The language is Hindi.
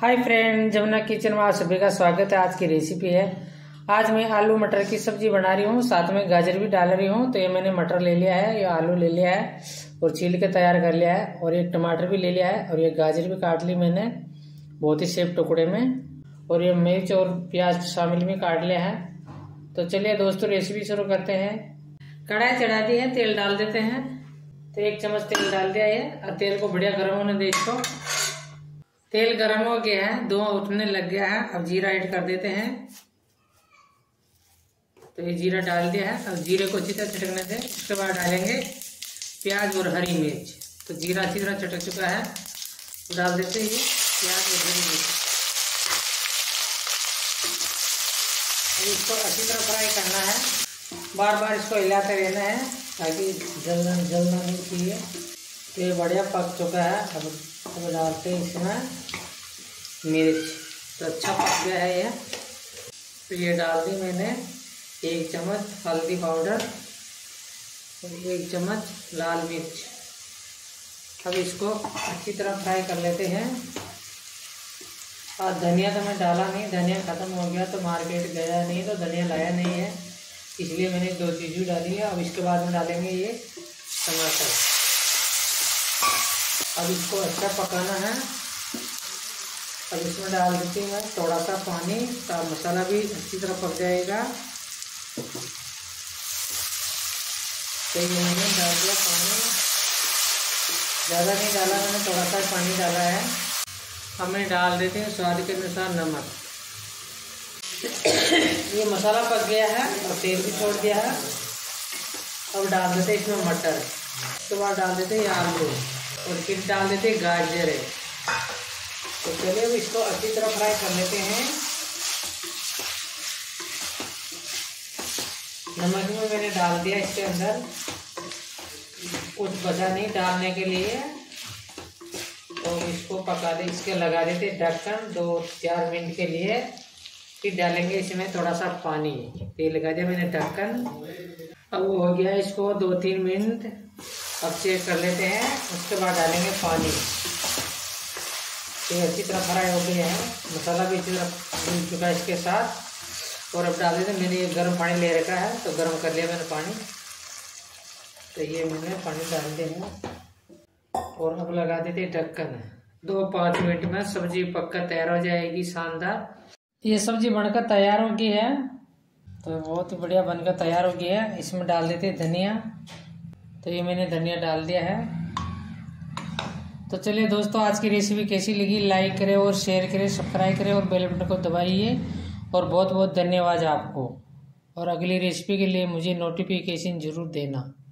हाय फ्रेंड जमुना किचन में आप सभी का स्वागत है आज की रेसिपी है आज मैं आलू मटर की सब्जी बना रही हूँ साथ में गाजर भी डाल रही हूँ तो ये मैंने मटर ले लिया है ये आलू ले लिया है और छील के तैयार कर लिया है और ये टमाटर भी ले लिया है और ये गाजर भी काट ली मैंने बहुत ही सेफ टुकड़े में और ये मिर्च और प्याज शामिल में काट लिया है तो चलिए दोस्तों रेसिपी शुरू करते हैं कढ़ाई चढ़ा दी है तेल डाल देते हैं तो एक चम्मच तेल डाल दिया है और तेल को बढ़िया गर्म होने दे इसको तेल गर्म हो गया है दो उठने लग गया है अब जीरा ऐड कर देते हैं तो ये जीरा डाल दिया है अब जीरे को अच्छी तरह चटकने से उसके बाद डालेंगे प्याज और हरी मिर्च तो जीरा अच्छी तरह चटक चुका है डाल देते ही प्याज और हरी मिर्च इसको अच्छी तरह फ्राई करना है बार बार इसको हिलाते रहना है ताकि जलना जलना नहीं चाहिए तो ये बढ़िया पक चुका है अब अब डालते हैं इसमें मिर्च तो अच्छा पक गया है यह तो ये डाल दी मैंने एक चम्मच हल्दी पाउडर और एक चम्मच लाल मिर्च अब इसको अच्छी तरह फ्राई कर लेते हैं और धनिया तो मैं डाला नहीं धनिया ख़त्म हो गया तो मार्केट गया नहीं तो धनिया लाया नहीं है इसलिए मैंने दो चीज़ें डाली है अब इसके बाद में डालेंगे ये टमाटर अब इसको अच्छा पकाना है अब इसमें डाल देती हूँ थोड़ा सा पानी का मसाला भी अच्छी तरह पक जाएगा तो ये मैंने डाल दिया पानी ज़्यादा नहीं डाला मैंने थोड़ा सा पानी डाला है अब मैं डाल देते हैं स्वाद के अनुसार नमक ये मसाला पक गया है और तेल भी छोड़ दिया है अब डाल देते हैं इसमें मटर उसके बाद डाल देते हैं आलू और फिर डाल देते गाजर है तो चलिए अब इसको अच्छी तरह फ्राई कर लेते हैं नमक में मैंने डाल दिया इसके अंदर कुछ बचा नहीं डालने के लिए तो इसको पका दे इसके लगा देते ढक्कन दो चार मिनट के लिए फिर डालेंगे इसमें थोड़ा सा पानी तेल लगा दिया मैंने ढक्कन अब वो हो गया इसको दो तीन मिनट अब चेक कर लेते हैं उसके बाद डालेंगे पानी ये अच्छी तरह फ्राई हो गया है मसाला भी अच्छी तरह मिल चुका है इसके साथ और अब डाल देते मैंने ये गर्म पानी ले रखा है तो गर्म कर लिया मैंने पानी तो ये मैंने पानी डाल दिया और अब लगा देते ढक्कन दो पाँच मिनट में सब्जी पककर तैयार हो जाएगी शानदार ये सब्जी बनकर तैयार हो गई है तो बहुत बढ़िया बनकर तैयार हो गई है इसमें डाल देते धनिया तो ये मैंने धनिया डाल दिया है तो चलिए दोस्तों आज की रेसिपी कैसी लगी लाइक करें और शेयर करें सब्सक्राइब करें और बेल बटन को दबाइए और बहुत बहुत धन्यवाद आपको और अगली रेसिपी के लिए मुझे नोटिफिकेशन ज़रूर देना